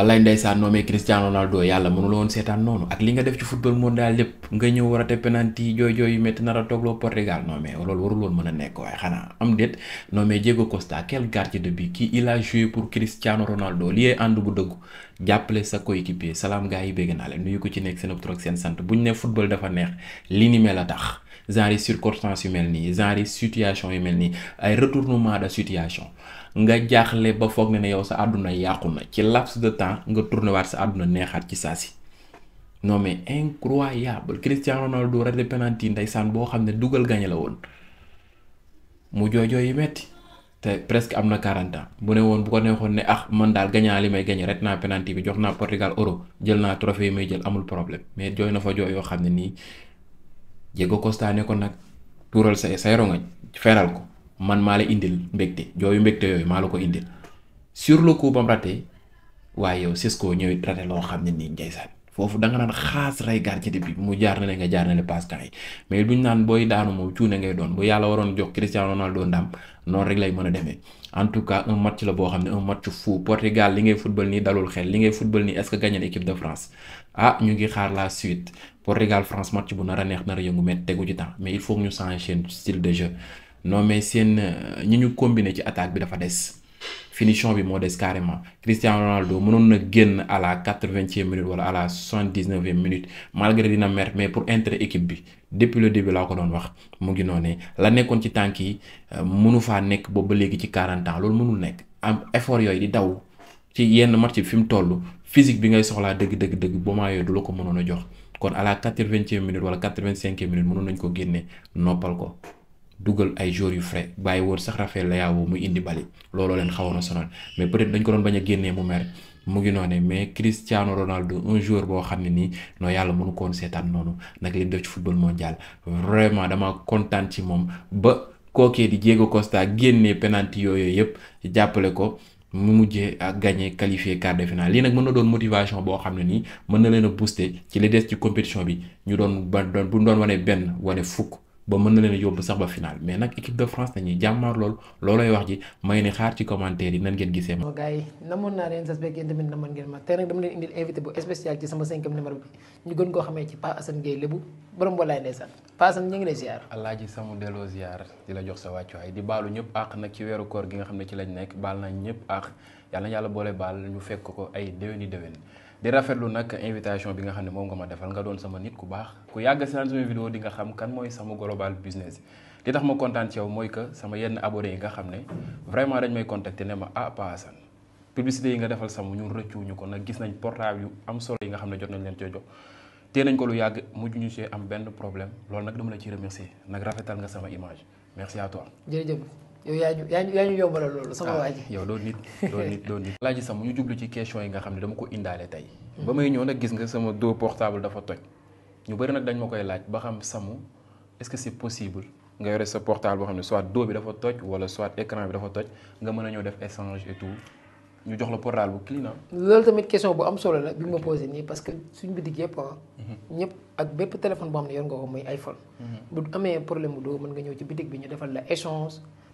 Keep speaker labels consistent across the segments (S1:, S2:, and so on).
S1: walaay ndeysaan noomee Cristiano Ronaldo yàlla mënula woon seetaan noonu ak li nga def ci football mondial lépp nga ñëw war a te penalty jooy jooy yu métti nar a toogloo Portugal noomee loolu warul woon mën a nekk waaye xanaa am déet noomee Diego Costa quel gardien de but qui il a joué pour Cristiano Ronaldo liyee ànd bu dëggu jàppale sa coéquipier salaam gars yi bégg naa leen nuyu ko ci nekk seen tur seen sant buñ ne football dafa neex li ni mel a tax genre circonstances yu mel nii genre situation yu mel nii ay retournement de situation nga jaaxle ba foog ne ne yow sa àdduna yàqu na ci laps de temps nga tourné sa àdduna neexaat ci saa si non mais incroyable Cristiano Ronaldo raté penalty ndeysaan boo xam ne dugal gañe la woon mu joojoo yi metti te presque am na 40 ans bu ne woon bu ko neexoon ne ah man daal gañaa li may gañe ret naa penalty bi jox naa Portugal euro jël naa trophée may jël amul problème mais jooy na fa yoo xam ne nii jéego kostaane ko nag tuural say say rongoñ feral ko man maa la indil mbégte jooyu mbégte yooyu maa la ko indil sur le coup ba mu waaye yow sis koo it raté loo xam ne nii ndeysaan foofu danga nga naan xaas ray gardien bi mu jaar na le nga jaar na le passe yi mais duñ naan booy daanu moom cuune ngay doon bu yàlla waroon jox Cristiano Ronaldo ndam noonu rek lay mën a demee en tout cas un match la boo xam ne un match fou Portugal li ngay football nii dalul xel li ngay football nii est-ce que gagné na équipe de France ah ñu ngi xaar la suite Portugal France match bu nar a neex nar a yëngu met tegu ci temps mais il faut ñu changer euh, ci attaque bi dafa des. finition bi moo des carrément Cristiano Ronaldo mënoon na génn à la quatre-vingtième minute wala à la soixante-dix-neuvième minute malgré dina mer mais pour intérêt équipe bi depuis le début laa ko doon wax mu ngi noonee la nekkoon ci tànk yi euh, mënu faa nekk boobu ba léegi ci quarante ans loolu mënul nekk am effort yooyu di daw ci yenn match bi fi mu toll physique bi ngay soxlaa dëgg dëgg dëgg moment yooyu du la ko mënoon jox kon à la quatre wala quatre-vingt-cinquième minute mënoon nañ ko génne noppal ko. dugal ay joueurs yu frais bàyyi woon sax Raphaël Leao mu indi bali looloo leen xawoon a sonal mais peut-être dañ ko doon bañ a génnee mu mer mu ngi noone mais Cristiano Ronaldo un joueur boo xam ne nii noo yàlla mënu ko woon seetaan noonu nag li def ci football mondial vraiment dama kontaan ci moom ba kookee di Diego Costa génnee penalty yooyu yëpp jàppale ko. mu mujjee ak gagné qualifié quart de finale lii nag mën na doon motivation boo xam ne nii mën na leen a booster li des ci compétition bi ñu doon ba doon bu doon wane benn wane fukk. ba mën na leen yóbbu sax ba final mais nag équipe de France nañuy jàmmaar lool loolooy wax ji may ne xaar ci commentaire yi nan ngeen gisee ma
S2: gars yi namoon naa leen sas beeg yéen tamit namoon ngeen ma tey nag dama leen indil invité bu spécial ci sama cinquième numéro bi ñu gën koo xamee ci Pa Assane Gueye lébu borom walaay ndeysaan Pa Assane ñu ngi lay ziar
S1: alaaji samu delloo ziar di la jox sa wàccuwaay di baalu ñëpp àq nag ci weeru koor gi nga xam ne ci lañ nekk baal nañ ñëpp àq yàlla na yàlla boole baal ñu fekk ko ay déwéni déwén di rafetlu nag invitation bi nga xam ne moom nga ma defal nga doon sama nit ku baax ku yàgg si naan sama vidéo di nga xam kan mooy sama global business li tax ma kontaan ci yow mooy que sama yenn abonné yi nga xam ne vraiment dañ may contacter ne ma ah Pa Assane publicité yi nga defal sama ñun rëccuwuñu ko nag gis nañ portable yu am solo yi nga xam ne jot nañ leen coo jox tee nañ ko lu yàgg mujj ñu see am benn problème loolu nag dama la ci remercier nag rafetal nga sama image merci à
S2: yow yaa ñu yaa ñu a loolu sama ah, waa ji
S1: yow doo nit doo nit doo nit laaji ñu jublu ci question yi nga xam ne dama ko indaale tey hmm. ba may ñëw nag gis nga sama dos portable dafa toj ñu bëri nag dañ ma koy laaj ba xam samu est-ce que c'est possible nga yore sa portable boo xam ne soit dos bi dafa toj wala soit écran bi dafa toj nga mën a ñëw def échange et tout ñu jox la portable bu client ah.
S2: loolu tamit question bu am solo la bi ma posé nii parce que suñu bitig yëpp ah. Mhm. ñëpp ak bépp téléphone boo xam ne yor nga ko mhm. bi ñu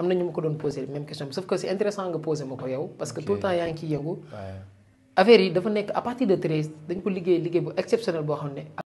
S2: am na ñu ma ko doon posé même question bi sauf que c'est intéressant nga posé ma ko yow. parce que tout le temps yaa ngi ciy yëngu. affaire yi dafa nekk à partir de treize dañ ko
S1: liggéey liggéey bu exceptionnel boo xam ne.